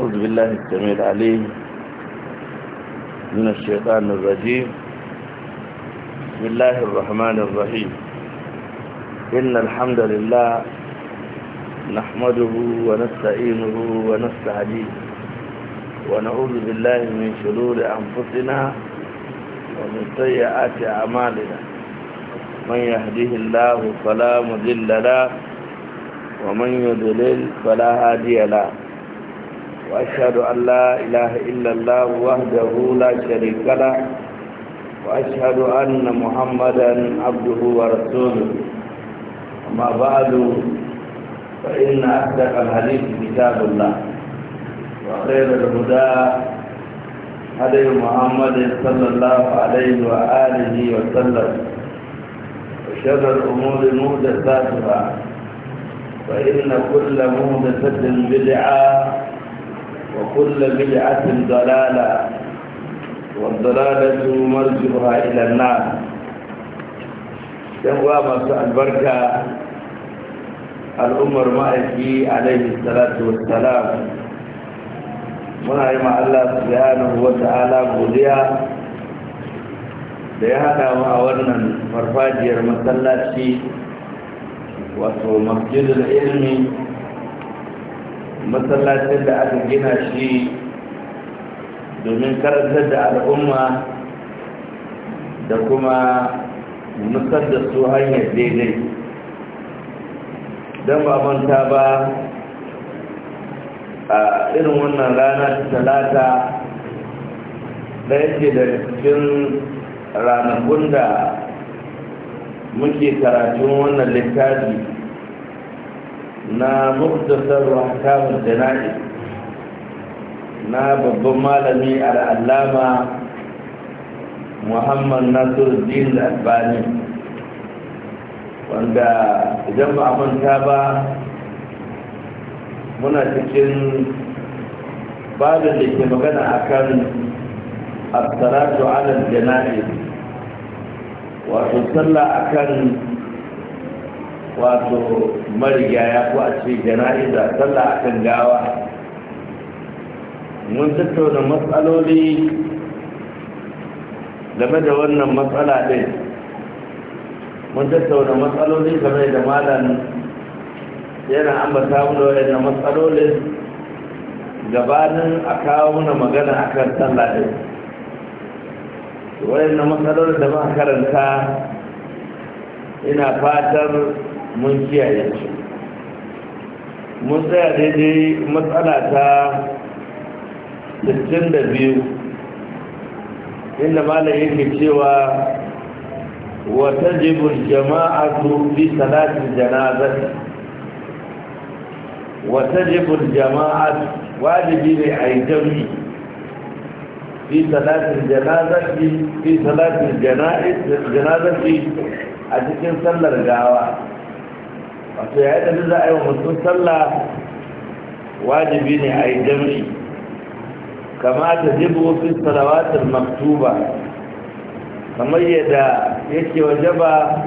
أعوذ بالله السميع العليم من الشيطان الرجيم بسم الله الرحمن الرحيم إن الحمد لله نحمده ونستعينه ونستعديه ونعوذ بالله من شرور أنفسنا ومن سيئات أعمالنا من يهديه الله فلا مذل له ومن يضلل فلا هادي له وأشهد أن لا إله إلا الله وحده لا شريك له وأشهد أن محمدا عبده ورسوله أما بعد فإن أصدق الحديث كتاب الله وخير الهدى هدي محمد صلى الله عليه وآله وسلم وشر الأمور محدثاتها فإن كل محدثة بدعة وكل بدعة ضلالة والضلالة مرجعها إلى النار ينوى مساء البركة الأمر مائكي عليه الصلاة والسلام muna yi Allah subhanahu wa ta'ala godiya da ya haɗa mu a wannan farfajiyar masallaci wato masjidul ilmi masallacin da aka gina shi domin karantar da al'umma da kuma nusar da su hanyar daidai don ba manta ba a irin wannan rana ta talata ɗaya ce da cikin ranakun da muke karatun wannan littafi na muktasar rahkamun jana'i na babban malami al'allama muhammad din albani wanda idan ba a manta ba muna cikin babin da ke magana akan asaratu alal jana'i wato sallah akan wato marigaya ko a ce jana'iza sallah a kan gawa mun tattauna matsaloli game da wannan matsala ɗin mun tattauna matsaloli game da malam yana ambata mu da na matsalolin gabanin a kawo mana magana akan sallah ɗin na matsalolin da muka karanta ina fatar mun kiyaye shi mun tsaya daidai matsala ta 62 inda malam yake cewa wata jibin su bi salatin janazar wata jibin jama'a wajibi ne a yi fi salatin janazar الجنازة في صلاة الجنائز الجنازة a cikin sallar gawa. wato ya yi da za a yi wa mutum sallah wajibi ne a yi jam'i kama ta jibo fi salawatar maktuba kamar yadda yake ba,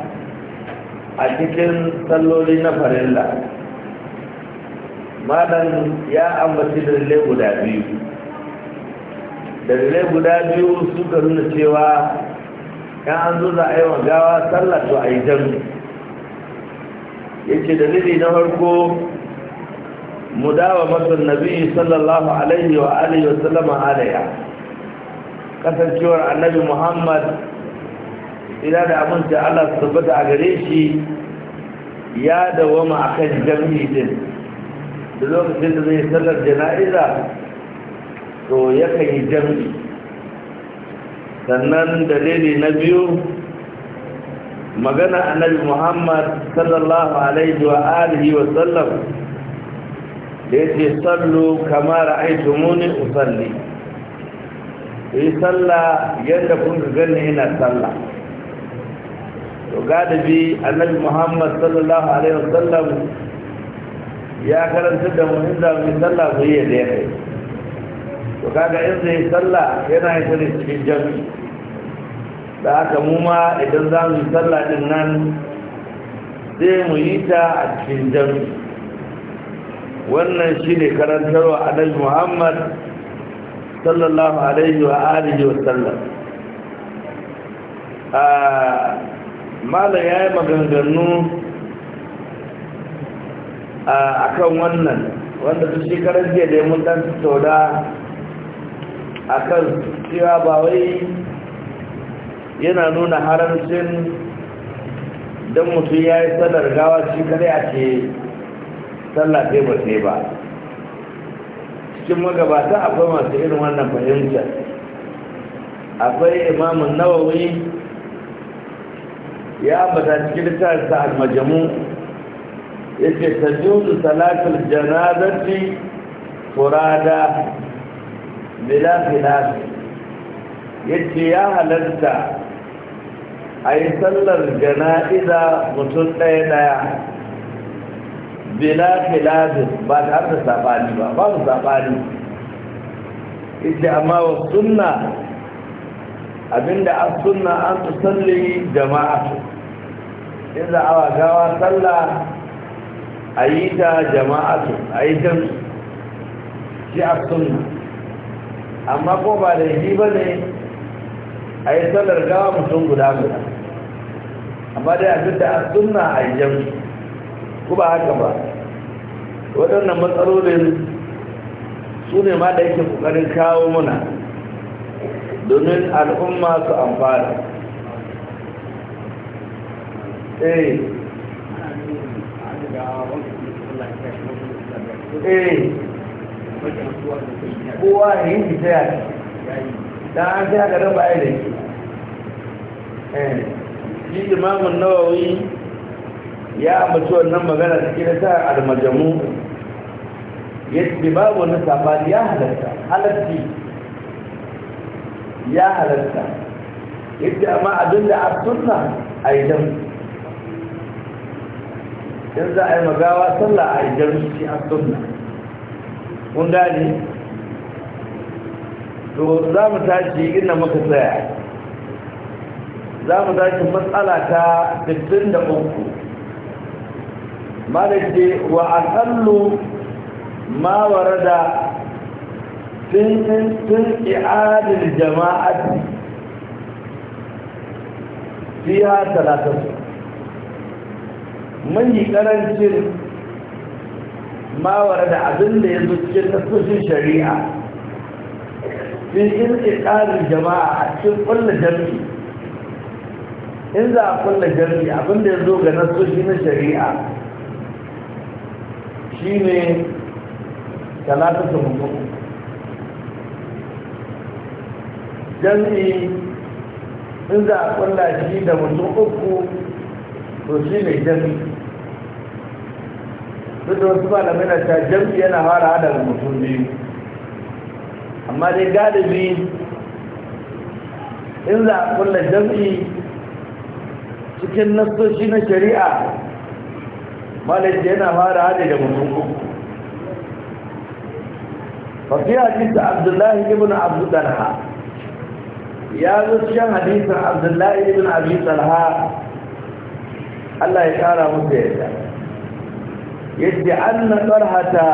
a cikin salloli na farilla malam ya ambaci dalilai guda biyu dalilai guda biyu suka nuna cewa yan an zo za a yi wa gawa sallah to a yi jami'i yake dalili na farko mudawa matan nabi sallallahu alaihi wa alihi wa sallama alaiya kasancewar annabi muhammad ina da abinci allah su tabbata a gare shi ya dawama a kan jami'i din da lokacin da zai sallar jana'iza to yakan yi jami'i sannan dalili na biyu magana annabi muhammad sallallahu alaihi wa alihi wa sallam da ya ce sallu kamar aitumuni usalli yi salla yadda kun ka gani ina salla to bi annabi muhammad sallallahu alaihi wa sallam ya karanta da mu inda mu salla ku yi da ya to kaga in zai salla yana yi cikin jami'i da haka mu ma idan za mu yi sallah din nan sai mu yi ta a cikin jami wannan shi ne karantarwa nan muhammad sallallahu alaihi wa alihi wa sallam mala ya yi maganganu a kan wannan wanda su shi jiya da ya sau da a kan cewa ba wai yana nuna haramcin don mutum ya yi sallar gawa shi kare a ce sallah ɗai ba ɗai ba cikin magabata akwai masu irin wannan fahimtar akwai imamun nawawi ya ambata cikin littafinsa almajamu ya ce ta juzu salatul janazati furada bila filafi ya ce ya halarta a yi sallar jana'iza mutum ɗaya ɗaya bila filafin ba tare da saɓani ba babu saɓani ita amma wa sunna abinda an suna an su salli jama'a in za a gawa sallah a yi ta jama'a a yi ta shi a sunna amma ko ba da yi ba ne a yi sallar gawa mutum guda guda amma dai abin da an sunna a yanzu ku ba haka ba waɗannan matsalolin su ne ma da yake ƙoƙarin kawo muna domin al'umma su amfana eh, eh. kowa ne yin fita yaki da an fi haka don ba ya da ke shi imamun nawawi ya mutu wannan magana cikin ta almajamu ya ce babu wani safari ya halatta halatti ya halatta ya ce amma abin da a a yi jam in za a yi magawa sallah a yi jam shi a sunna kun gane to za mu tashi inda muka tsaya za mu zaki matsala ta 63 malaki wa akallu ma warada tun i'adil jama'ati fiya talatatu mun yi karancin ma warada abin da ya zo cikin tasirin shari'a fi in i'adil jama'a a cikin kullu jami'i in za a kulla jami'i abinda ya zo ga nasoshi na shari'a shi ne talatata mutu jami'i in za a kulla shi da mutu uku to shi ne jami'i duk da wasu malamai na ta jami'i yana fara da mutum biyu amma dai galibi in za a kulla jami'i cikin nassoshi na shari'a malaji yana fara hada da mutum uku fafi hadisa abdullahi ibn abu talha ya zo cikin hadisin abdullahi ibn abu talha Allah ya kara musu yadda yadda an na tsarhata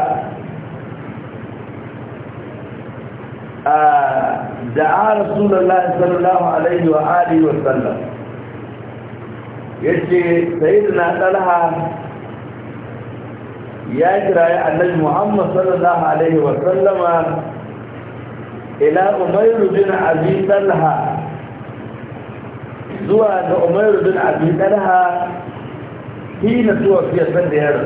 da a rasulallah sallallahu alaihi wa alihi wa sallam yace sayyidina talha ya kirayi annabi muhammad sallallahu alaihi wa sallama ila umayr bin abi talha zuwa ga umayr bin abi talha hina zuwa fiye san da yaro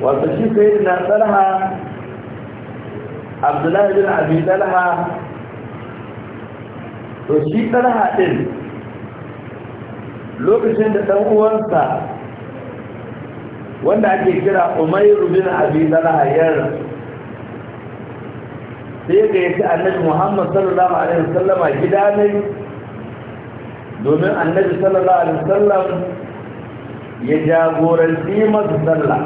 wato shi sayyidina talha abdullahi bin abi talha to shi talha din lokacin da ɗan uwansa wanda ake kira umairu bin abi talha yar sai ga yace annabi muhammad sallallahu alaihi a gida ne domin annabi sallallahu alaihi wasallam ya jagoranci masa sallah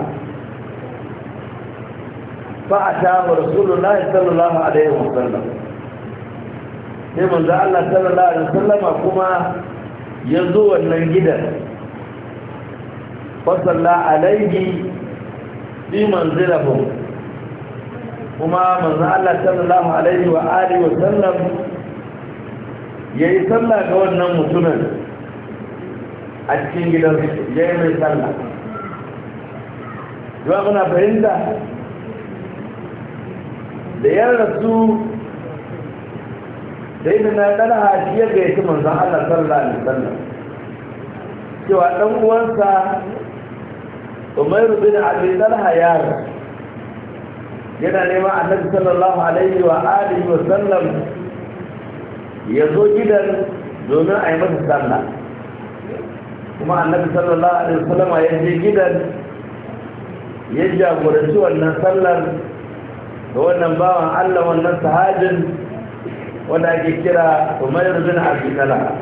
fa atama rasulullahi sallallahu alaihi wasallam sai manzo Allah sallallahu alaihi wasallama kuma ya zo wannan gidan fasalla alaihi bi manzilahu kuma manzan Allah sallallahu alaihi wa alihi wa sallam yayi sallah ga wannan mutumin a cikin gidan yayi mai sallah yawa muna fahimta da yan rasu dai na ɗana shi ya yake manzan Allah sallallahu alaihi wasallam cewa dan uwansa Umairu bin Abi Talha yaro yana neman annabi sallallahu alaihi wa alihi wa sallam ya zo gidan domin a yi masa sallah kuma annabi sallallahu alaihi wa sallam ya je gidan ya jagoranci wannan sallar da wannan bawan Allah wannan sahajin wanda ake kira umar bin abdullah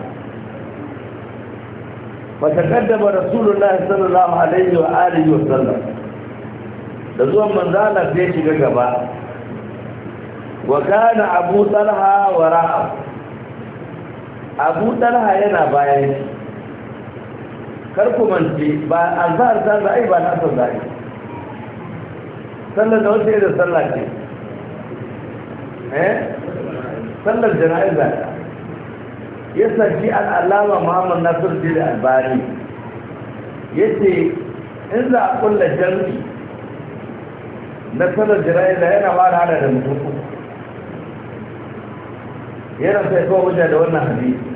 fa taqaddama rasulullahi sallallahu alaihi wa alihi wa sallam da zuwan manzala sai shiga gaba wa kana abu talha wara'a abu talha yana bayan karku mance ba azhar ta zai ba na zai sallar da wata da Sallar ce eh sallar jana'iza ya sarki al'alama muhammad nasir jiri albani ya ce in za a kulla jami'i na sallar jana'iza yana fara hada da mutum yana sai kawo wuce da wannan hadisi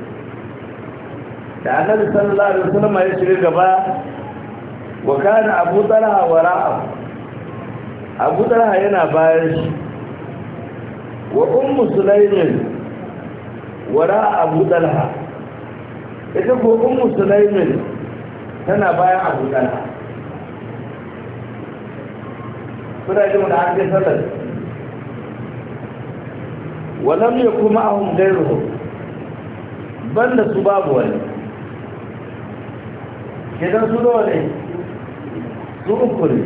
da annabi sallallahu alaihi wasallam ya shiga gaba wa kana abu talha wara abu talha yana bayan shi wa ummu sulaimin wara abu dalha ita ko ummu sulaimin tana bayan abu dalha kuna jin da an kai sallar walam ya kuma ahun gairu banda su babu wani kidan su da ne su uku ne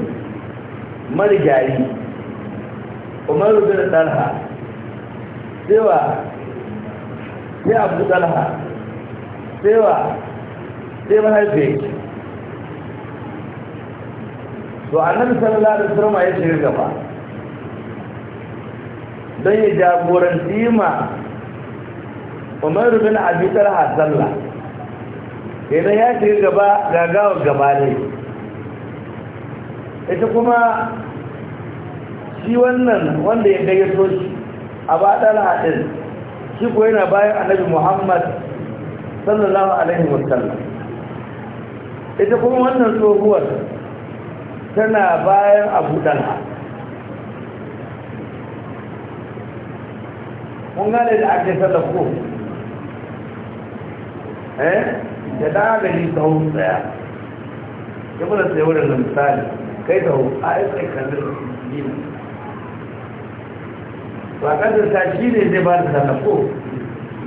marigayi umaru bin dalha sewa sai abu talha cewa sai mahaifiyar to nan sallallahu da turma ya shiga gaba don ya jagoranci ma umaru bin abi talha sallah idan ya shiga gaba gagawar gaba ne ita kuma shi wannan wanda ya gayyato shi a ba ɗala ɗin shi ko yana bayan annabi muhammad sallallahu alaihi wasallam ita kuma wannan tsohuwar tana bayan abu ɗala mun gane da ake sallako eh da ɗagari ta hun tsaya ya mana tsaye wurin misali kai ta hun a yi tsaye kan zirgin ba kadarta shi ne zai ba da tallafo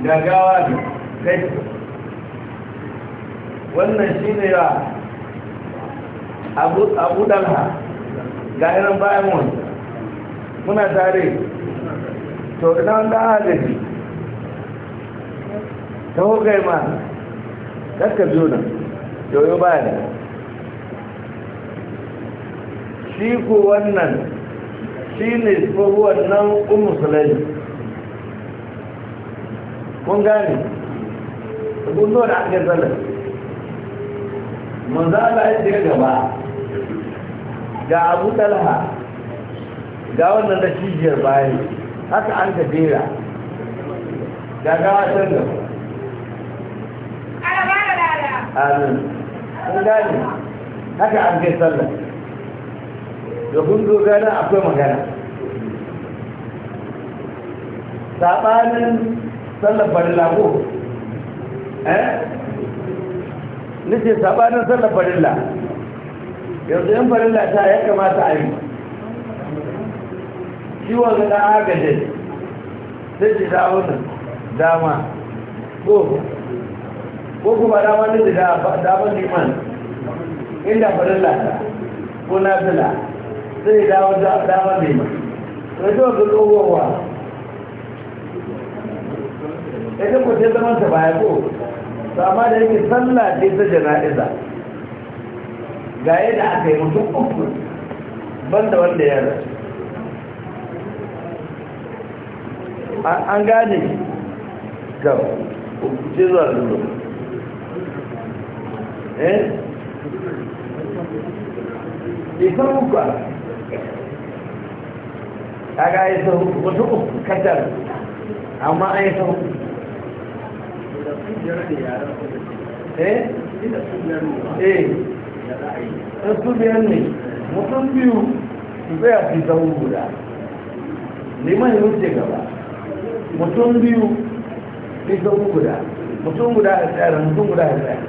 gagawa ne kai wannan shi ne ya abu dalha ga irin bayan wani muna tare to ina wanda agaji ta hukai ma kakka biyu nan yoyo baya ne shi ko wannan shi ne tsohuwar nan umu sulaimu kun gane gudunar da aka zalar manzala ya shiga gaba ga abu talha ga wannan da cijiyar bayan haka an ka jera ga gawatar da amin kun gane haka an kai sallar da kun gana akwai magana saɓanin sallar farilla ko eh nace saɓanin sallar farilla yanzu yan farilla ta ya kamata a yi ciwon na agajin sai ce da wannan dama ko ko kuma dama ne da daban liman inda farilla ta ko na sai dawo dama ne ma sai zuwa ga tsohuwa ita ko sai zaman ta baya ko to amma da yake sallah ce ta jana'iza ga yadda aka yi mutum uku banda wanda ya rasu an gane ga ce zuwa zuwa eh isan muka. kaga ai so wasu uku kadar amma ai so eh eh su biyar ne mutum biyu su tsaya su zama guda neman ya wuce gaba mutum biyu fi zaun guda mutum guda a tsayar mutum guda a tsayar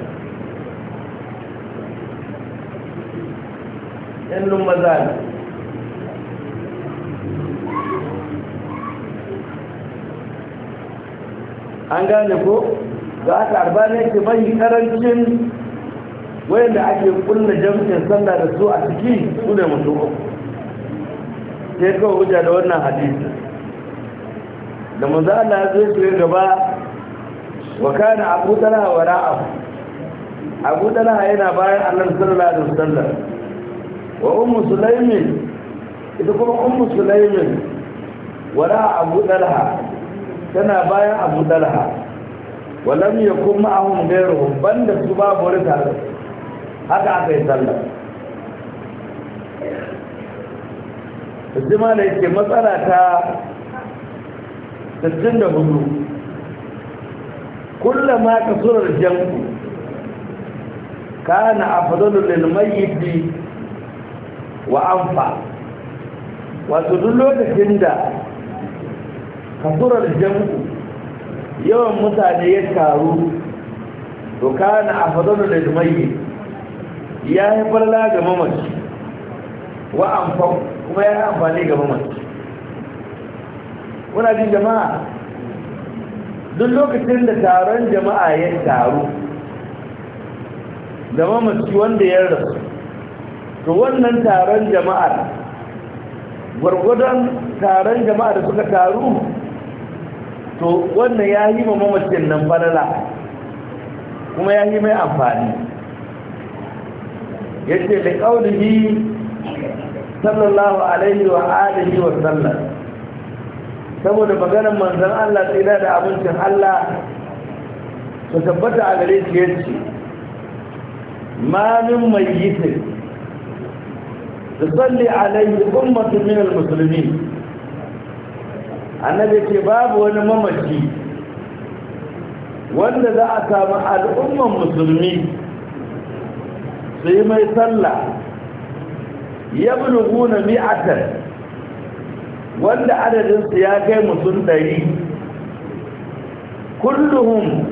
yan maza ne an gane ko da aka ne ke mai karancin da ake kulla jam'in sallah da su a ciki su ne mutu uku sai kawai hujja da wannan hadisi da manzo Allah ya zo shi gaba wa kana Abu wa ra'ab Abu Talha yana bayan Allah sallallahu alaihi wasallam wa ummu Sulaimin ita kuma ummu Sulaimin ra'ab Abu Talha tana bayan abu dalha walam ya kuma ahun gairu banda su babu wani tare haka aka yi sallah jima da yake matsala ta 64 kullama ka surar janku kana afdalu lil mayyit wa anfa wato duk lokacin da kasurar jam'u yawan mutane ya taru to kana a fadar da jimayi ya yi farla ga mamaci wa amfan kuma ya yi amfani ga mamaci muna jin jama'a duk lokacin da taron jama'a ya taru da mamaci wanda ya rasu to wannan taron jama'ar gwargwadon taron jama'ar da suka taru to wannan ya yi mamacin nan balala kuma ya yi mai amfani ya ce da ƙaunihi sallallahu alaihi wa alihi wa sallar saboda maganar manzan Allah tsira da abincin Allah su tabbata a gare shi yace ma min mayyitin tusalli alaihi ummatun minal muslimin annabi ce babu wani mamaci wanda za a samu al'umman musulmi su yi mai sallah ya bulugu na mi'atar wanda adadinsu ya kai mutum ɗari kullum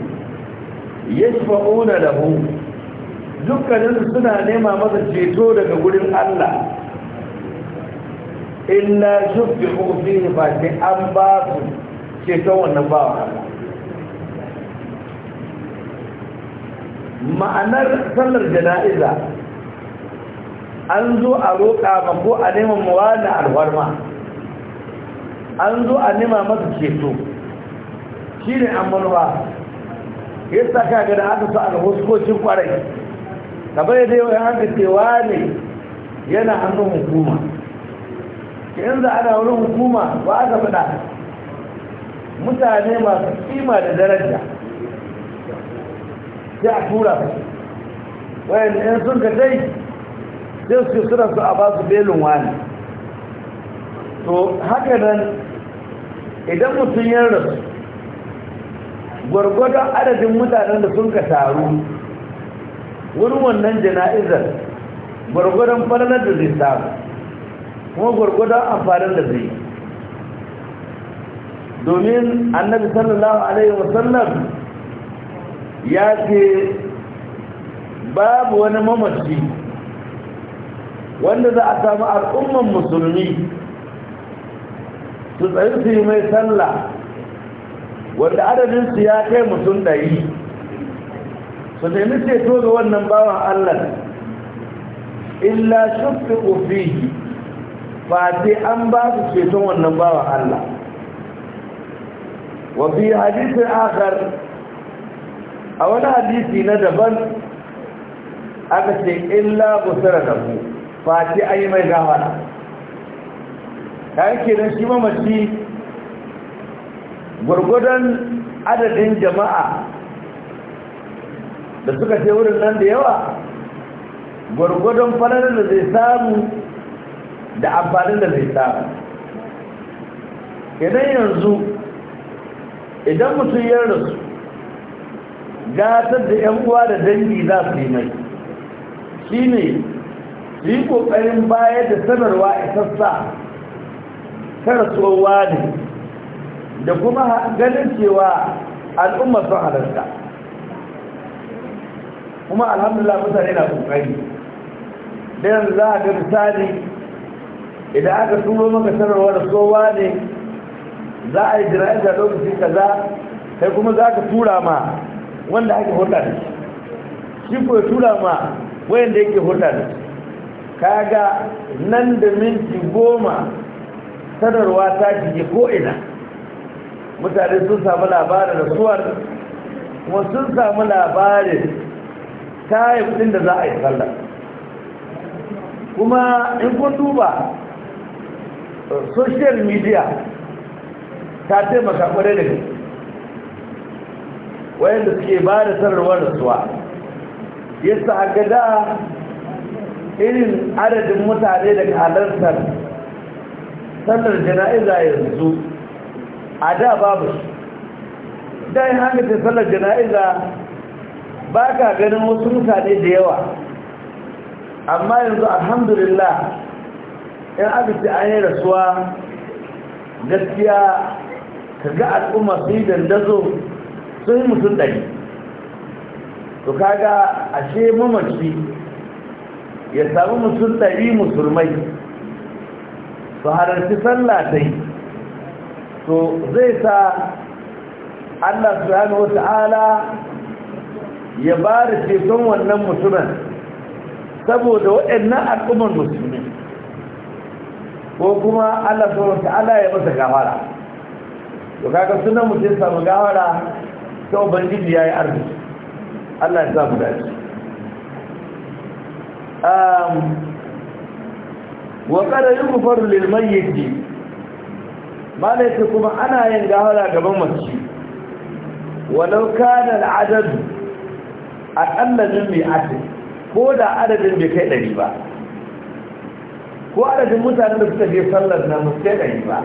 ya shafa'una hu, dukkaninsu suna nema masa ceto daga gurin allah illa shubbi ofi ba ta an ba su ceton wannan ba ma'anar sallar jana'iza an zo a roƙa ma ko a neman mawa alwarma an zo a nema masa ceto shi ne an ya saka ga da aka sa alhuskocin kwarai kamar yadda yau ya ne yana hannun hukuma yanzu ana wurin hukuma ba aka fada mutane masu kima da daraja sai a tura wayan yan sun ka dai sai su suna su a ba su belin wani to haka nan idan mutum ya rasu gwargwadon adadin mutanen da sun ka taru wurin wannan jana'izar gwargwadon falalar da zai samu kuma gwargwadon amfanin da zai domin annabi sallallahu alaihi wasallam ya ce babu wani mamaci wanda za a samu al'umman musulmi su tsayi su yi mai sallah wanda adadinsu ya kai mutum ɗari su nemi ceto ga wannan bawan allah illa shuffi ofihi ba sai an ba su ceton wannan bawa Allah wa bi hadisin akhar a wani hadisi na daban aka ce illa busara da mu fati an yi mai gawara ta yake don shi mamaci gwargwadon adadin jama'a da suka ce wurin nan da yawa gwargwadon falalar da zai samu da amfani da zai tsara idan yanzu idan mutum ya rasu gatar da 'yan uwa da dangi za su yi mai shi ne su yi ƙoƙarin baya da sanarwa isassa ta rasuwa ne da kuma ganin cewa al'umma sun halarta kuma alhamdulillah mutane na ƙoƙari da yanzu za a ga misali idan aka turo maka sanarwa da kowa ne za a yi jira'ita lokaci kaza sai kuma za ka tura ma wanda ake hulɗa da shi ko ya tura ma wayanda yake hulɗa da kaga nan da minti goma sanarwa ta shige ko'ina mutane sun samu labarin rasuwar kuma sun samu labarin kayan ɗin da za a yi sallah kuma in kun duba social media ta taimaka kware da gaske wayanda suke ba da sanarwa da suwa yasa a gada irin adadin mutane daga halartar sannar jana'iza yanzu a da babu da yin ta sannar jana'iza ba ka ganin wasu mutane da yawa amma yanzu alhamdulillah in abinci an yi rasuwa gaskiya ka ga al'umma su yi dandazo sun yi mutum ɗari to kaga ashe mamaci ya sami mutum ɗari musulmai su halarci sallah ta yi to zai sa allah subhanahu wa ta'ala ya ba da ceton wannan mutumin saboda waɗannan al'ummar musulmi ko kuma Allah subhanahu Allah ya masa gawara to kaga sunan mutum samu gawara ta ubangiji yi arziki Allah ya sa mu dace um wa yi yughfaru lil mayyit malaka kuma ana yin gawara gaban mace walau kana al adad aqalla mai ake ko da adadin bai kai ɗari ba ko adadin mutanen da suka je sallar na yi ba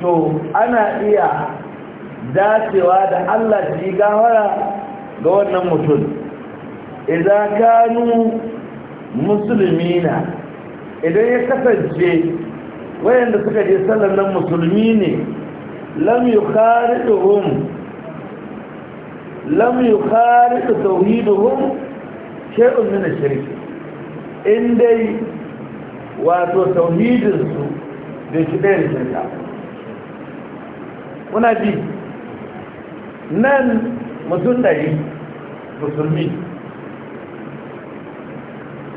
to ana iya dacewa da Allah shi gawara ga wannan mutum idan kanu musulmina idan ya kasance wayanda suka je sallar nan musulmi ne lam yukhariduhum lam yukharidu tauhiduhum shay'un min ash-shirk indai wato tauhidinsu da shi ɗaya da kuna ji nan mutum ɗari musulmi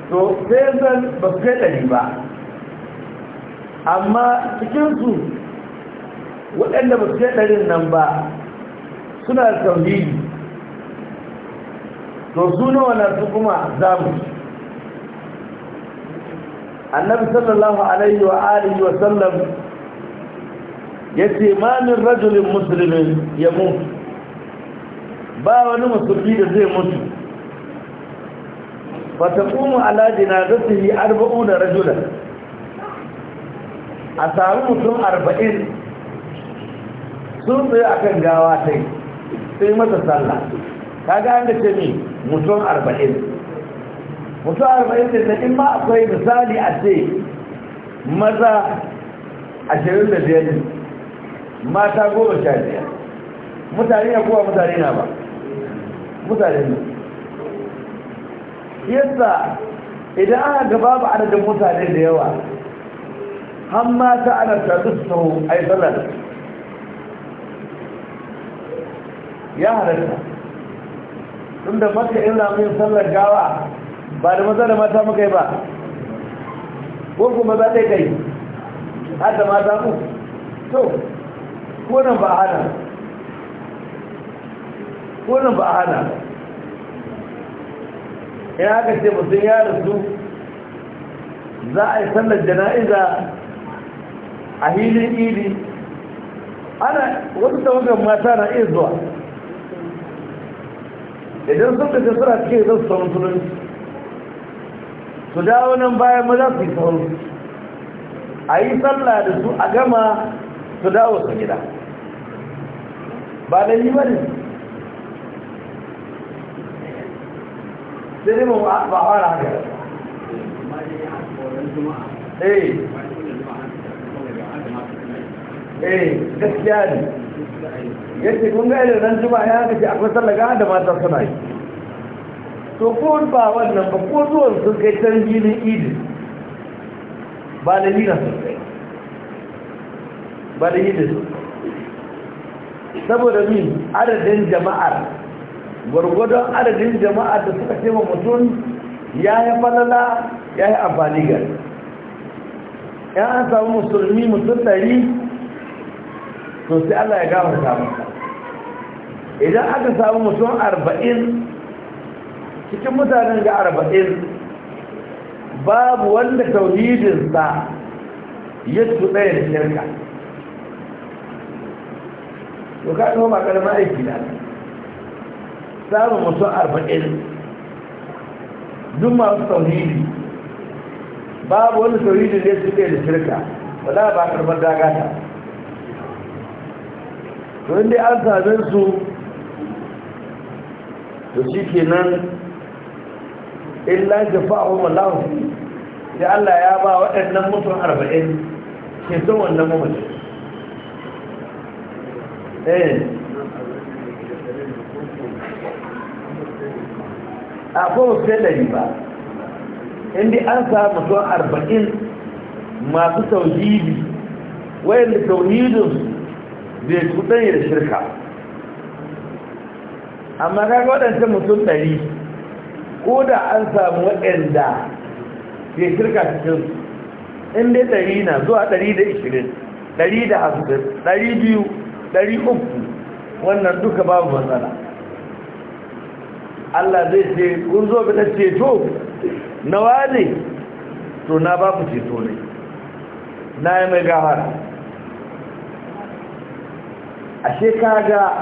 to sai zan ba su da ɗari ba amma cikinsu waɗanda ba su kai ɗarin nan ba suna tauhidi to su nawa na su kuma zamu annabi sallallahu alaihi wa alihi wa sallam yace ma min rajulin muslimin yamut ba wani musulmi da zai mutu fa taqumu ala dinazatihi 40 rajulan a samu mutum 40 sun tsaye kan gawa tai sai masa sallah kaga an da ce ni mutum 40 mutu arba'in da in ma akwai misali a ce maza ashirin da biyar mata goma sha biyar mutane na kowa mutane na ba mutane ne yadda idan ana gaba ba adadin mutane da yawa han mata ana tattu su taho a yi ya halarta, tun da maka in ramin sallar gawa ba da maza da mata muka yi ba kuma maza ta kai har da mata ku to konan ba hana konan ba hana ina haka ce mutum ya rasu za a yi sallar jana'iza a hilin iri? ana wasu tawagar mata na iya zuwa idan sun kace suna cikin zan samun tunanci su dawo nan bayan maza su yi sauru a yi sallah da su a gama su dawo su gida ba da yi su sai mawa ba fara haka eh eh gaskiya ne yace kun ga irin ran juma'a ya kace akwai sallah ga da mata suna yi to ko ba wannan ba ko zuwan sun kai can idin ba da nina sun kai ba da nina sun saboda min adadin jama'ar gwargwadon adadin jama'ar da suka ce mutum ya yi falala ya yi amfani gari yan an samu musulmi mutum ɗari to sai allah ya gafarta masa idan aka samu mutum arba'in cikin mutanen ga arba'in babu wanda sa ya tuɗa da shirka to ka ɗau ba ƙarfin aiki na samun mutum arba'in duk masu tauhidi babu wanda tauhidin ya tuɗa da shirka ba za ba ƙarfin dagata to inda an sami su to shi kenan illa jafa'u Allah fi da Allah ya ba waɗannan mutum arba'in ke son wannan mamacin eh a kowace dalari ba inda an samu mutum arba'in masu tauhidi wayanda tauhidin bai cuɗanya da shirka amma kaga waɗancan mutum ɗari ko da an samu waɗanda ke shirka cikin in dai ɗari na zuwa ɗari da ishirin ɗari da hasbin ɗari biyu ɗari uku wannan duka babu matsala Allah zai ce kun zo bi ta ceto na wane to na ba ku ceto ne na yi mai gahara ashe ga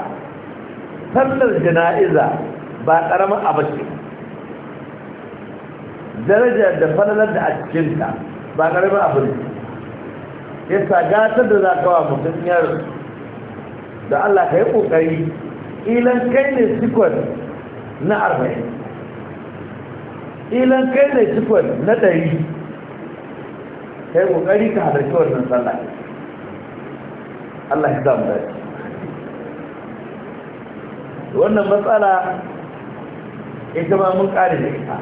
sallar jana'iza ba ƙaramin ba. darajar da falalar da a cikinta ba ƙarfin abu ne ya sagatar da za ka wa mutum yaro da Allah ka yi ƙoƙari ilan kai ne sikon na arba'in ilan kai ne sikon na ɗari ka yi ƙoƙari ka halarci nan sallah Allah ya damu dace wannan matsala ita ma mun ƙare da ita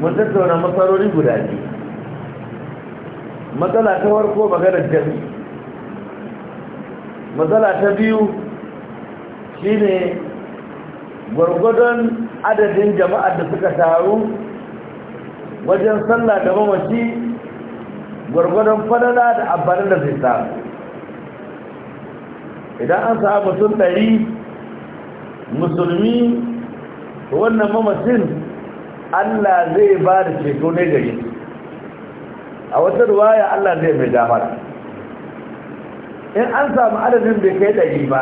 mun tattauna matsaloli guda ne matsala ta farko maganar jami matsala ta biyu shine gwargwadon adadin jama'a da suka taru wajen sallah da mamaci gwargwadon fadada da abbanin da zai samu idan an samu mutum ɗari musulmi wannan mamacin Allah zai ba da ceto ne gari a wata ruwaya Allah zai mai damar in an samu adadin bai kai ɗari ba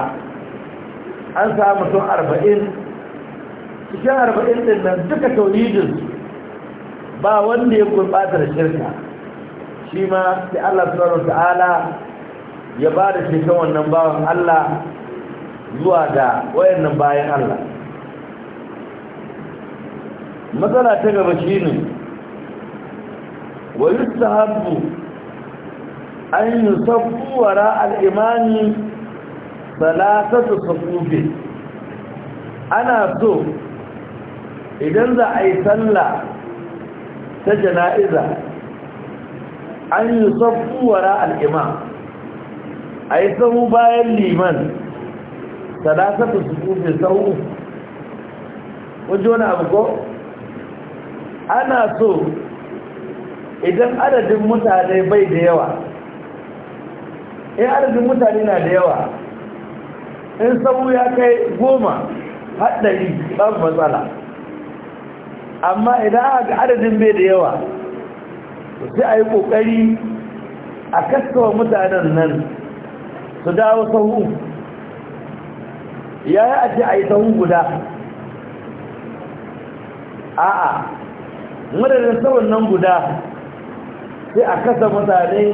an samu sun arba'in cikin arba'in din nan duka taurijin ba wanda ya gurɓata da shirka shi ma sai Allah subhanahu ta'ala ya ba da cikin wannan bawan Allah zuwa ga wayannan bayan Allah matsala ta gaba shi ne wa yi sahabu an yi sabuwara al'imani salatata safufe ana so idan za a yi sallah ta jana'iza an yi sabuwara al’iman a yi sahu bayan liman su kufin sahu wajen wani abu ko ana so idan adadin mutane bai da yawa in adadin mutane na da yawa in sabu ya kai goma haɗari ɗan matsala amma idan aka adadin bai da yawa sai a yi ƙoƙari a kaskawa mutanen nan su dawo sahu ya yi a ce a yi sahu guda a'a madadin saman nan guda sai a kasa mutane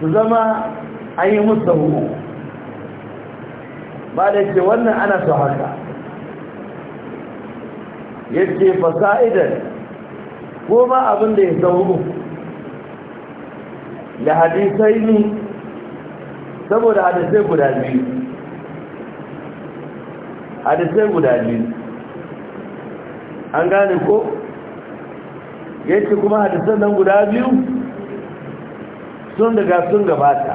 su zama an yi musu hukumu ba da ke wannan ana su haka yake fasa'idar ko ma abin da ya sauru da hadisai ne saboda hadisai guda biyu hadisai guda biyu an gane ko yace kuma hadisan nan guda biyu sun daga sun gabata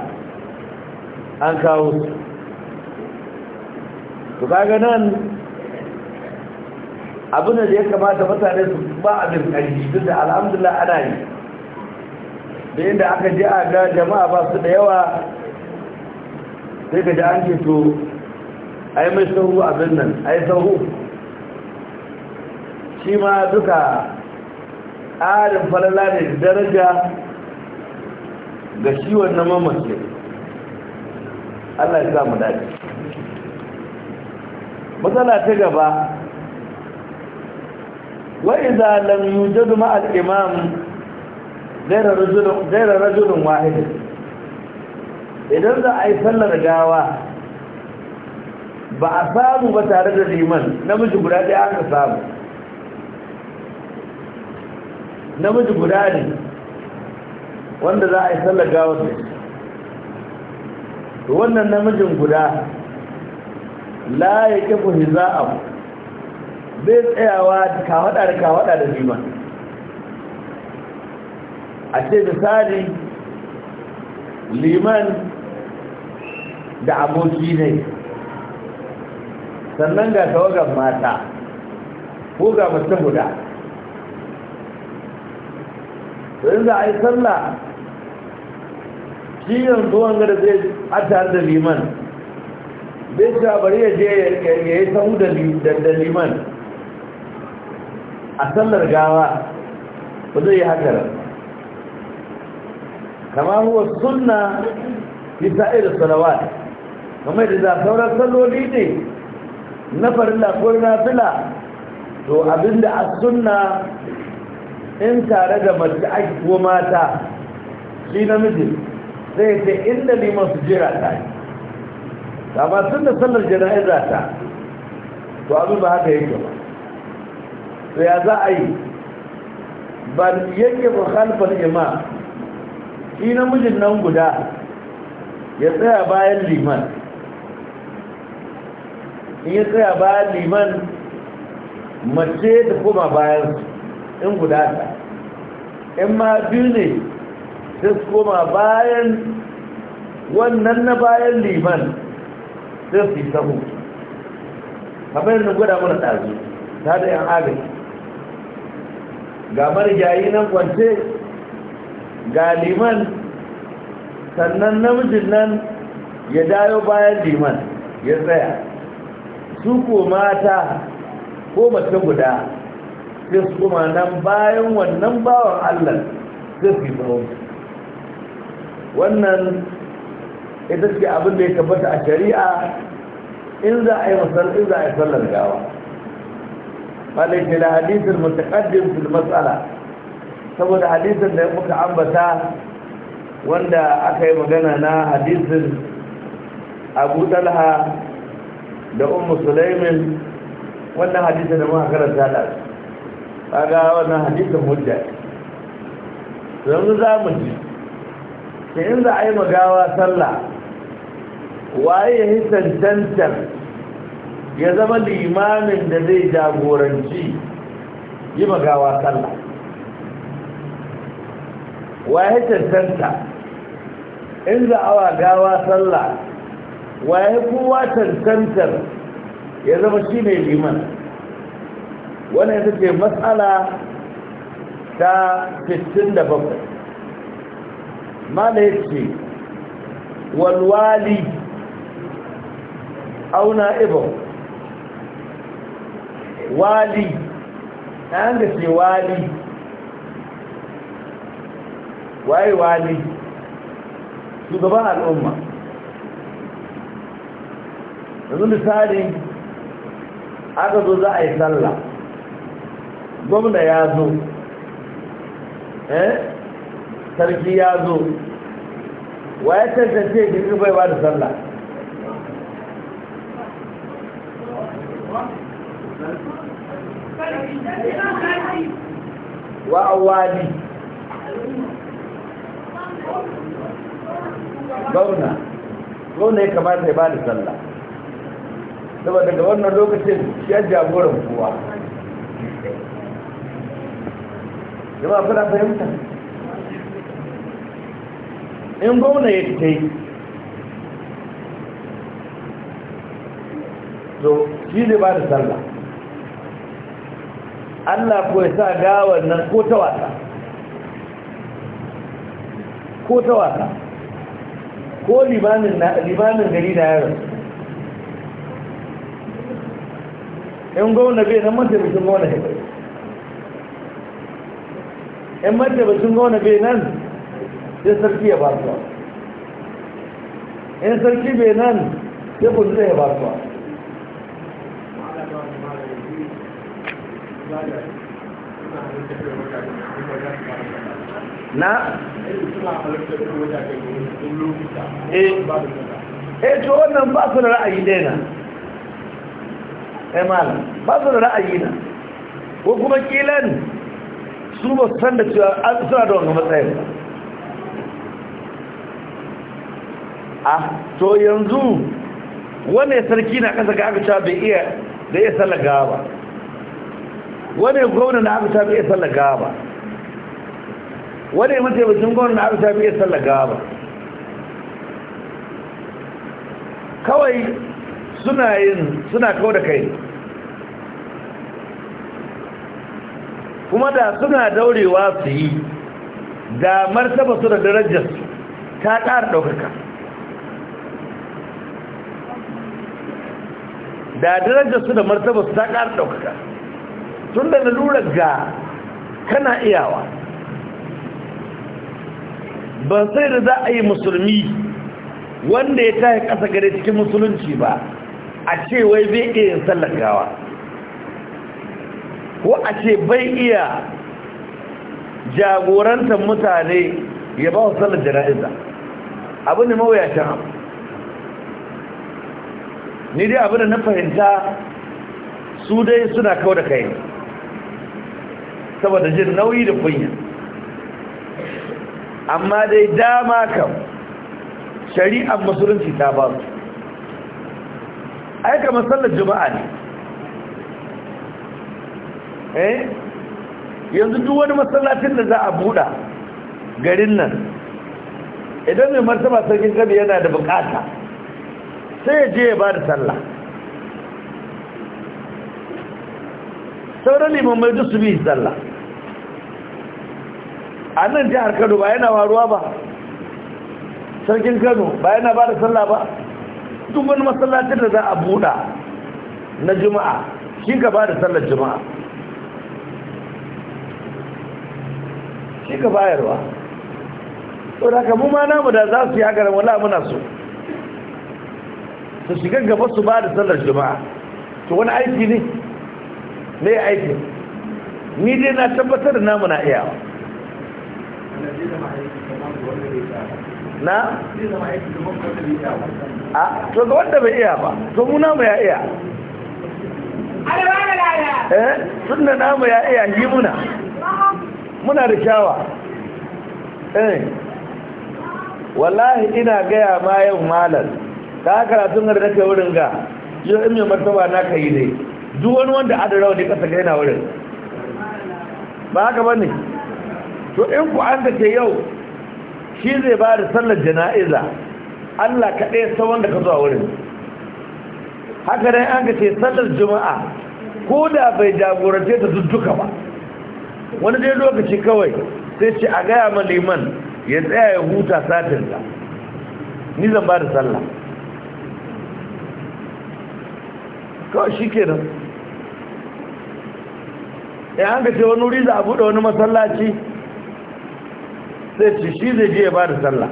an kawo su to kaga nan abin da ya kamata mutane su ba abin ƙarfi duk da alhamdulillah ana yi da inda aka ji a ga jama'a ba su da yawa sai ka ji an ce to ai mai sahu abin nan ai sahu shi ma duka ƙarin falala ne da daraja ga shi wannan mamaki, Allah ya sa mu matsala ta gaba wa idza lam yujadu ma al imam Zaira rajulun ghayra idan za a yi sallar gawa ba a samu ba tare da liman namiji guda ɗaya aka samu namiji guda ne wanda za a yi sallar gawar da wannan namijin guda la ya kifu hiza abu zai tsayawa kawada da kawada da jima a ce misali liman da aboki ne sannan ga tawagar mata ko ga mutum guda to yanzu a yi sallah shi yanzu wanga da zai atar da liman zai sha bari ya je ya yi sahu da liman a sallar gawa ba zai yi haka kama huwa sunna fi sa'ir salawat kamar yadda za sauran salloli ne na farin ko na fila to abinda a sunna in tare da mace ake ko mata shi namiji zai ce inda liman su jira ta yi ba sun da sallar jana'iza ta to abin ba haka yake ba to ya za a yi ba yake ba halifar ima shi namijin nan guda ya tsaya bayan liman in ya tsaya bayan liman mace da kuma bayan su in guda ta in ma biyu ne sai su koma bayan wannan na bayan liman sai su yi sahu kamar yadda gwada mana ɗazu ta da yan agaji ga marigayi nan kwance ga liman sannan namijin nan ya dayo bayan liman ya tsaya su ko mata ko mace guda sai su kuma nan bayan wannan bawan allah sai su yi tsawon wannan ita ce abin da ya tabbata a shari'a in za a yi masal in za a yi sallar gawa malai ke da hadisin mutakaddim fil mas'ala saboda hadisin da muka ambata wanda aka yi magana na hadisin Abu Talha da Ummu Sulaimin wannan hadisin da muka karanta da kaga wannan hadisin hujja yanzu za mu ji sai in za a yi magawa sallah waye ya yi tantantar ya zama limamin da zai jagoranci yi magawa sallah waye tantanta in za a gawa sallah waye kowa tantantar ya zama shi ne liman Wani ya ce matsala ta 67 mala ya ce walwali auna ibo wali ɗan da ce wali waye wali shugaban al'umma yanzu misali aka zo za a yi sallah gwamna ya zo eh sarki ya zo wa ya tantance girgi bai ba da sallah wa awali gwamna gwamna ya kamata ya ba da sallah saboda daga wannan lokacin ya jagoran kuwa yawa kuna fahimta in gwamna ya ta yi to shi zai ba da sallah allah ko ya sa gawar nan ko ta wasa ko ta wasa ko limanin gari na yaron in gwamna bai nan mataimakin gwamna ya yi in mace ba sun gona bai nan sai sarki ya ba suwa in sarki bai nan sai kun zai ba suwa na? e to wannan ba su da ra'ayi ɗaya na eh malam ba su da ra'ayi na ko kuma kilan su ba su san da cewa an suna da wani matsayin a to yanzu wane sarki na kasa ga aka bai iya da iya sallaga ba wane gwamna na abuta bai iya sallaga ba wane mataimakin gwamna na abuta bai iya sallaga ba kawai suna yin suna kawo da kai kuma da suna daurewa su yi da martaba su da darajarsu ta ƙara ɗaukaka da su da martaba su ta ƙara ɗaukaka tun da lura ga kana iyawa ban sai da za a yi musulmi wanda ya tahi ƙasa gare cikin musulunci ba a ce wai bai iya yin sallar gawa ko a ce bai iya jagorantar mutane ya ba wa sallar jana'iza abu ne mawuyacin ni dai abin da na fahimta su dai suna kawo da kai saboda jin nauyi da kunya amma dai dama kam shari'ar musulunci ta ba su aika masallar juma'a ne eh yanzu duk wani masallacin da za a buɗa garin nan idan mai martaba sarkin Kano yana da bukata sai ya je ya ba da sallah sauran liman mai su bi sallah a nan jihar kano ba yana waruwa ba sarkin kano ba yana ba da sallah ba duk wani masallacin da za a buɗa na juma'a shi ka ba da sallar juma'a shi ka bayarwa to da kamu ma namu da za su yi agarin wala muna so su shiga gaba su ba da sallar juma'a to wani aiki ne ne aiki ni dai na tabbatar da namu na iyawa na? a to ga wanda bai iya ba to mu namu ya iya eh suna da namu ya iya yi muna muna da shawa eh wallahi ina gaya ma yau malar karatu karatun da nake wurin ga yau in mai martaba na ka yi dai duk wani wanda adarawa ne kasa gaina wurin ba haka ba ne to in ku an ke yau shi zai ba da sallar jana'iza allah kaɗai sau wanda ka zuwa wurin haka dai an ka ce sallar juma'a ko da bai jagorance ta duka ba wani dai lokaci kawai sai ce a gaya ma liman ya tsaya ya huta satin ta ni zan ba da sallah kawai shi ke nan ya hanga ce wani wuri za a buɗe wani masallaci sai ce shi zai je ya ba da sallah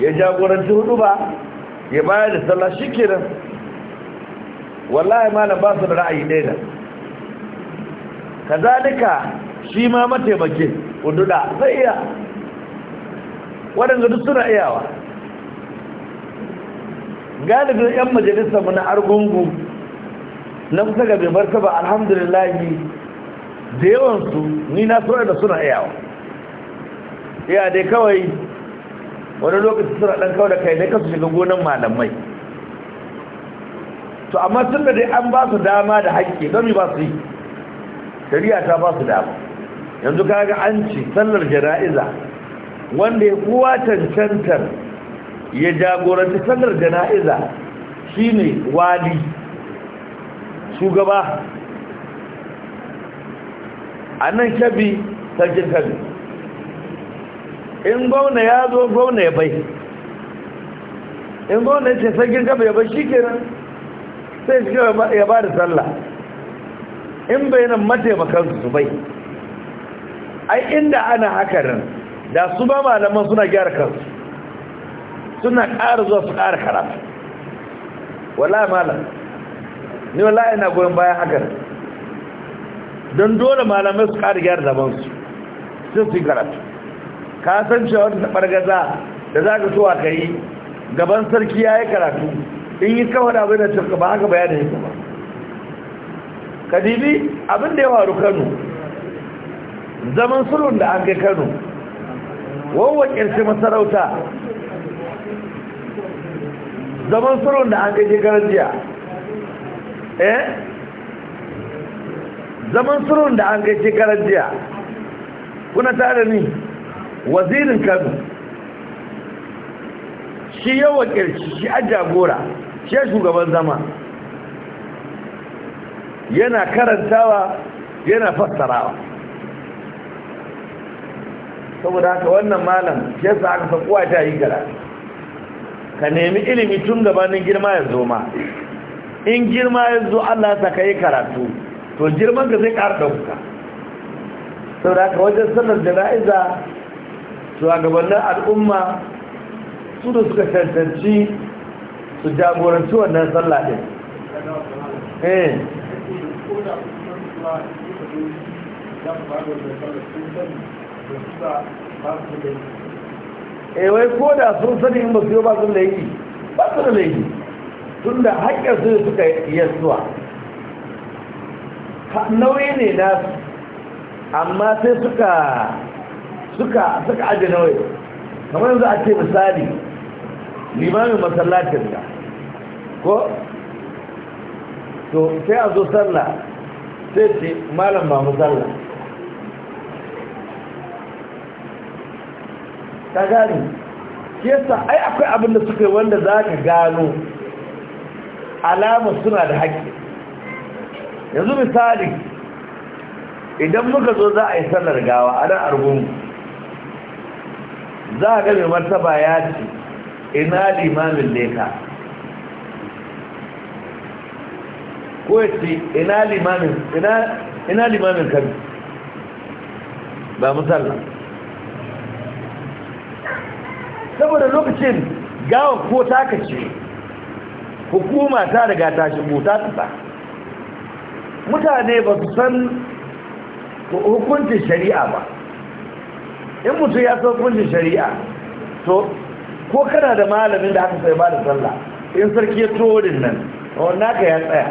ya jagoranci hudu ba ya bayar da sallah shi ke nan wallahi malam ba su da ra'ayi ɗaya da kazalika shi ma mataimake da zai iya waɗanda duk suna iyawa galibin 'yan majalisa mu na argungu na kusa ga bai martaba alhamdulillahi da yawansu ni na sura da suna iyawa iya dai kawai wani lokaci suna ɗan kawai da kai dai kasu shiga gonan malamai to amma tun da dai an ba su dama da haƙƙi don ba su yi shari'a ta ba su dama yanzu kaga an ci sallar jana'iza wanda ya kuwa cancantar ya jagoranci sallar jana'iza shine wali shugaba a nan kabi sarkin kabi in gauna ya zo gauna ya bai in ya ce sarkin kabi ya bai shi kenan sai shi ya ba da sallah in bai nan mataimakansu su bai ai inda ana haka nan da su ba malaman suna gyara kansu suna ƙara zuwa su ƙara karatu wala malam ni wala ina goyon bayan haka don dole malamai su ƙara gyara zamansu sun su karatu ka san cewa wata gaza da za ka so ka yi gaban sarki ya yi karatu in yi kawai da abin da ba haka da yi ba kadibi abin da ya faru kano zaman sulhun da an ga kano wawan ƙarshe masarauta zaman sulhun da an ga shekarar eh zaman sulhun da an ga shekarar kuna tare ni wazirin kano shi yawan ƙarshe shi ajagora shi ya shugaban zama yana karantawa yana fassarawa saboda haka wannan malam yasa aka sakuwa ta yi gara ka nemi ilimi tun gabanin girma ya zo ma in girma ya zo Allah ta kai karatu to girman ka zai ƙara ɗauka saboda haka wajen sallar jana'iza gabanin al'umma su da suka cancanci su jagoranci wannan sallah ɗin eh eh wai ko da sun sani in ba su yi ba su da laifi ba su da laifi tun da haƙƙar su suka yi zuwa nauyi ne na amma sai suka suka suka aje nauyi kamar yanzu a ce misali limamin masallacin da ko to sai a zo sallah sai ce malam ba mu sallah ka gani yasa ai akwai abin da suka yi wanda za ka gano alamar suna da haƙƙi yanzu misali idan muka zo za a yi sallar gawa a nan argungu za a gami martaba ya ce ina limamin leka ko ya ce ina limamin kami ba musalla saboda lokacin gawa ko taka ce hukuma ta riga ta shigo ta tsa mutane ba su san hukuncin shari'a ba in mutum ya san hukuncin shari'a to ko kana da malamin da aka sai ba da sallah in sarki ya torin nan wannan naka ya tsaya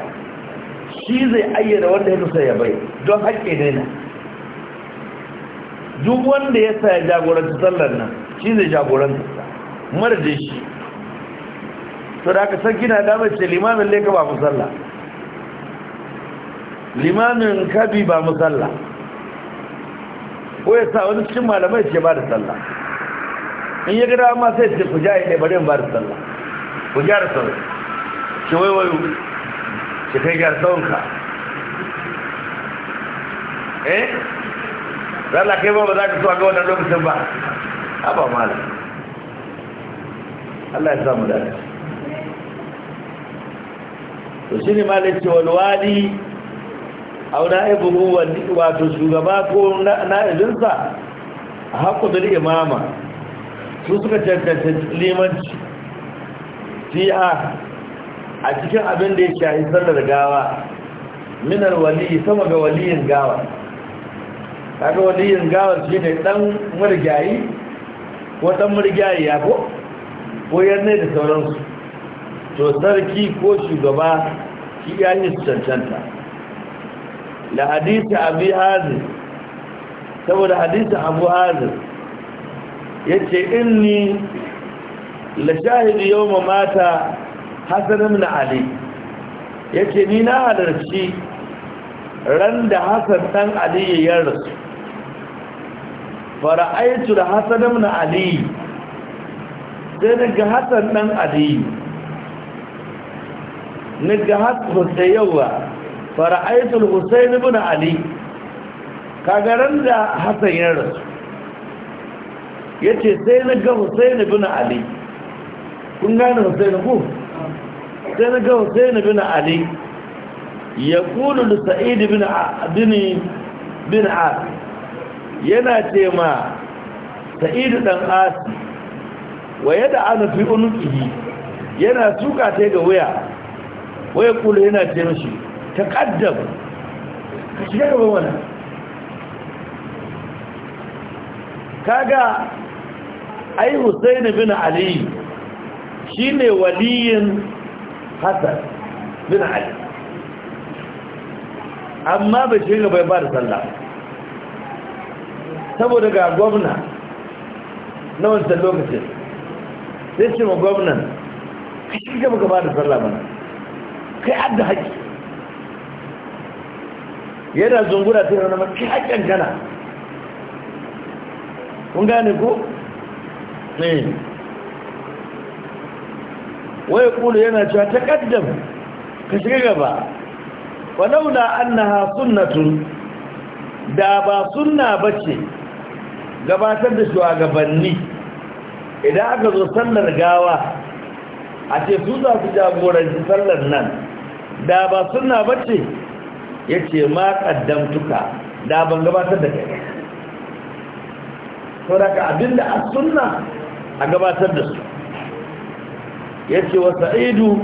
shi zai ayyana wanda ya nusa ya bai don haƙƙi ne na duk wanda ya sa jagorancin jagoranci sallar nan shi zai jagoranta marje shi to da aka san gina damar ce limamin leka ba musalla limamin kabi ba musalla ko ya sa wani cikin malamai ce ba da sallah in ya gada ma sai ce ku jaye ne bari ba da sallah ku gyara sau shi waiwayo shi kai gyara sauka eh zala kai ba ba za ka so a ga wannan lokacin ba haba mala Allah ya samu da to shine malai ce wal aw wato shugaba ko na'ibinsa a haƙƙu da imama su suka cancanta limanci fiha a cikin abin da ya shahi sallar gawa minar waliyi sama ga waliyin gawa kaga waliyin gawa shi ne ɗan marigayi wata murgiya ko koyar ne da sauransu to sarki ko shugaba shi ya yi cancanta da hadisi abu hazin saboda hadisi abu hazin ya ce inni la shahidi yau mata hasanin na ali ya ce ni na halarci ran da hasan ɗan ali ya yi rasu fara'aitu da hasan na Aliyu, sai daga hasan dan ali naga hasan sayawa fara'aitu al-husayn na Aliyu. kagaran da hasan ya rasu yace sai naga husayn na Aliyu, kun gane husayn ku sai naga husayn ibn ali yaqulu li sa'id ibn ibn bin 'ad yana ce ma sa'idu dan asi wa da ana fi unuqihi yana suka ta ga waya waya kula yana ce ta kaddam ka shiga gaba wannan kaga ai Husain bin Ali ne waliyin Hassan bin Ali amma bai shiga bai ba da sallah saboda ga gwamna na wancan lokacin sai ce ma gwamnan ka shi gaba gaba da sallah mana kai adda haƙi yana zungura ta yana kai haƙƙen gana kun gane ko? ne eh. waye kulu yana cewa ta ƙaddam ka shiga gaba walaula annaha tun? da ba sunna bace gabatar da shugabanni idan aka zo sallar gawa a ce su za su jagoranci sallar nan da ba suna bace ya ce ma kaddamtuka da ban gabatar da kai da daga abinda a suna a gabatar da su ya ce wa sa'idu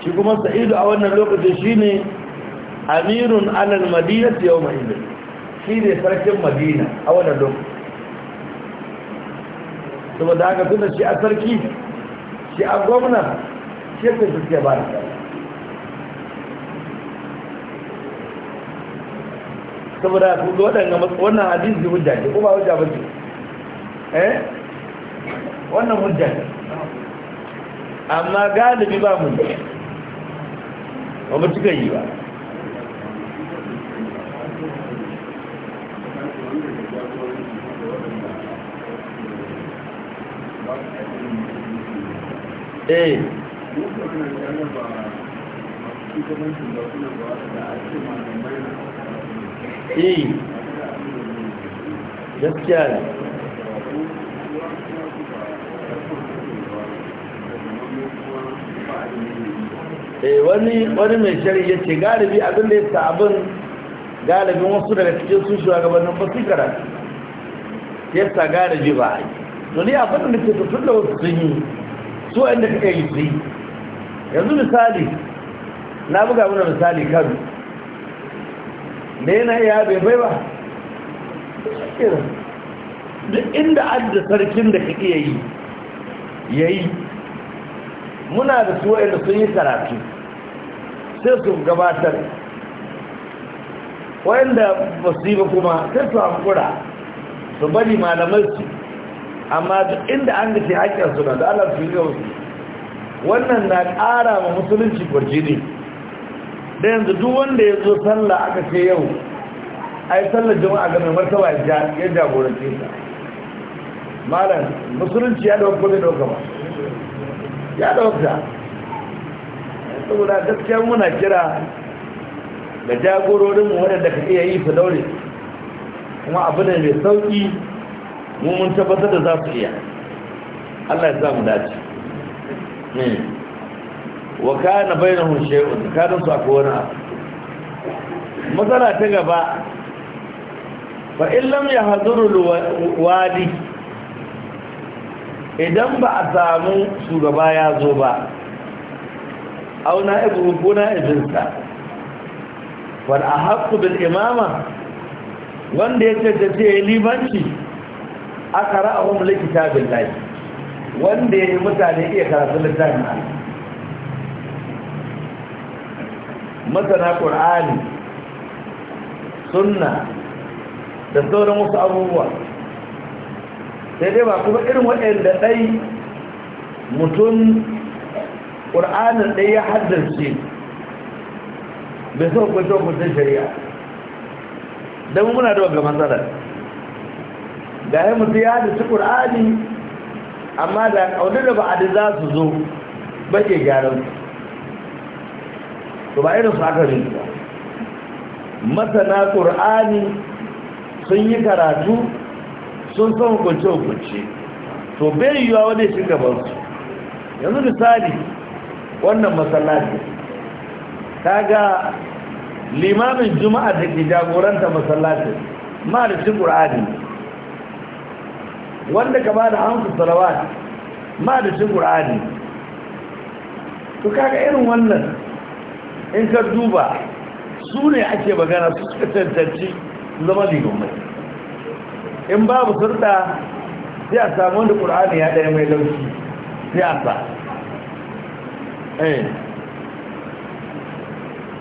shi kuma sa'idu a wannan lokacin shi ne amirun alal madina yau mai shi ne sarkin madina a wannan lokacin saboda haka tunda shi a sarki shi a gwamna shi yake suke ba da saboda su ga waɗanda wannan hadisi hujja ce ko ba hujja ba ce eh wannan hujja ne amma galibi ba mu ba mu cika yi ba eh eh gaskiya ne eh, wani wani mai shari'a ya ce galibi abin da ya sa abin galibin wasu daga cikin sun shugabannin ba su karatu ya sa galibi ba a yi abin da ke tutun da wasu sun yi su wanda kake litri yanzu misali na buga mana misali kan ne na iya bai bai ba duk inda adda sarkin da kake yayi yayi muna da su wanda sun yi karatu sai su gabatar wanda ba su yi ba kuma sai su hankura su bari malamai su amma duk inda an da haƙƙin suna da Allah su yi wannan na ƙara ma musulunci ne. da yanzu duk wanda ya zo sallah aka ce yau a yi sallar jama'a ga mai martaba ya jagorance ta malam musulunci ya dauka bai dauka ba ya dauka saboda gaskiya muna kira da jagororinmu waɗanda ka iya yi su daure kuma abu ne mai sauƙi mun tabbatar da za su iya Allah ya sa mu dace hmm. wa kana bainahum shay'un tsakanin su akwai wani abu matsala ta gaba fa in lam yahduru wadi idan ba a samu shugaba ya zo ba auna ibu guna izinsa wal ahqqu bil imama wanda yake tace limanci akara ahum likitabin lahi wanda ya yi mutane iya karatu littafin masana ƙur'ani sunna da sauran wasu abubuwa sai dai ba kuma irin waɗanda ɗai mutum ƙur'anin ɗai ya haddace bai sau kwanciyar shari'a don muna da wanga matsalar ga ya mutu ya da su ƙur'ani amma da ƙaunar da ba a da za su zo ba ke gyaran su ba irin su masana ƙur'ani sun yi karatu sun san hukunce-hukunce to bai yiwuwa wani shi gabansu yanzu misali wannan masallaci ta ga limamin juma'a da ke jagoranta masallacin ma da shi ƙur'ani wanda ka ba da hamsu salawat ma da cin ƙur'ani to kaga irin wannan in ka duba su ne ake magana su suka cancanci zama limamai in babu surta sai a samu wanda ƙur'ani ya ɗaya mai laushi sai a sa eh.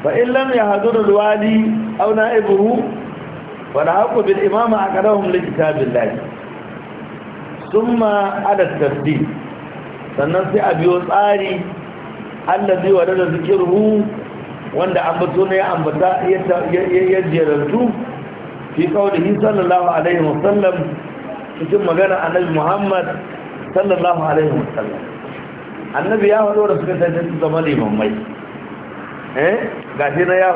fa'in lam ya hazo wali luwali auna wa wadda haƙo bil imama a li kitabillahi Tumma ala tasdid sannan sai a biyo tsari allazi wa da zikirhu wanda ambato ne ya ambata ya jerartu fi qaulihi sallallahu alaihi wasallam cikin magana annabi Muhammad sallallahu alaihi wasallam annabi ya faɗo da suka tace su zama limammai eh gashi na ya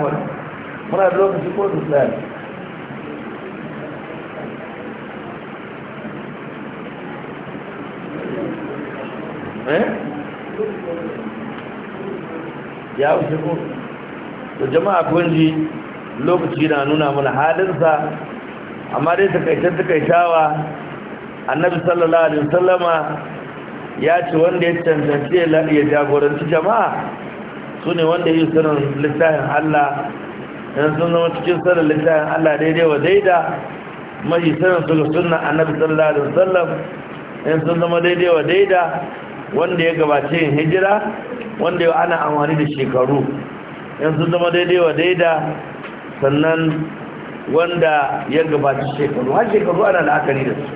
muna da lokaci ko su tsaya Eh? ya wuce ko to jama'a kun ji lokaci na nuna mana halinsa amma dai takaitar takaitawa annabi sallallahu alaihi wasallama ya ce wanda ya cancanci ya jagoranci jama'a su ne wanda yi sanin littafin Allah yan sun zama cikin sanin littafin Allah daidai wa daida mai sanin su ga annabi sallallahu alaihi wasallam yan sun zama daidai wa daida wanda ya gabace yin hijira wanda ana amfani da shekaru yanzu zama daidai wa daida sannan wanda ya gabaci shekaru har shekaru ana la'akari da su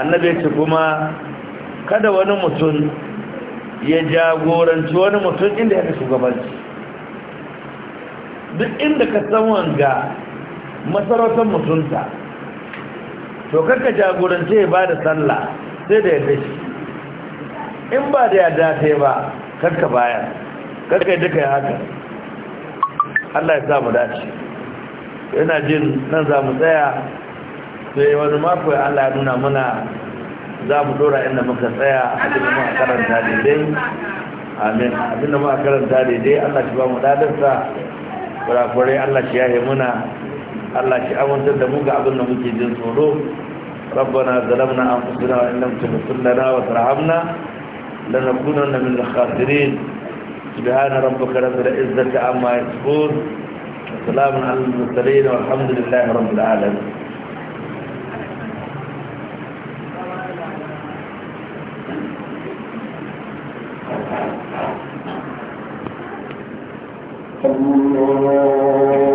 annabi ce kuma kada wani mutum ya jagoranci wani mutum inda ya shugabanci duk inda ka san wanga masarautar mutunta to karka jagoranci ya ba da sallah sai da ya shi in ba da yadda yi ba karka bayan karka yi duka ya haka Allah ya samu dace yana jin nan za mu tsaya sai wani mako ya Allah ya nuna muna za mu dora inda muka tsaya a cikin mu a karanta daidai amin abin da mu a karanta daidai Allah shi ba mu dadarsa kurakurai Allah shi yahe muna Allah shi amintar da mu ga abin da muke jin tsoro ربنا ظلمنا أنفسنا وإن لم تغفر لنا وترحمنا لنكونن من الخاسرين سبحان ربك رب العزة عما يصفون وسلام على المرسلين والحمد لله رب العالمين الله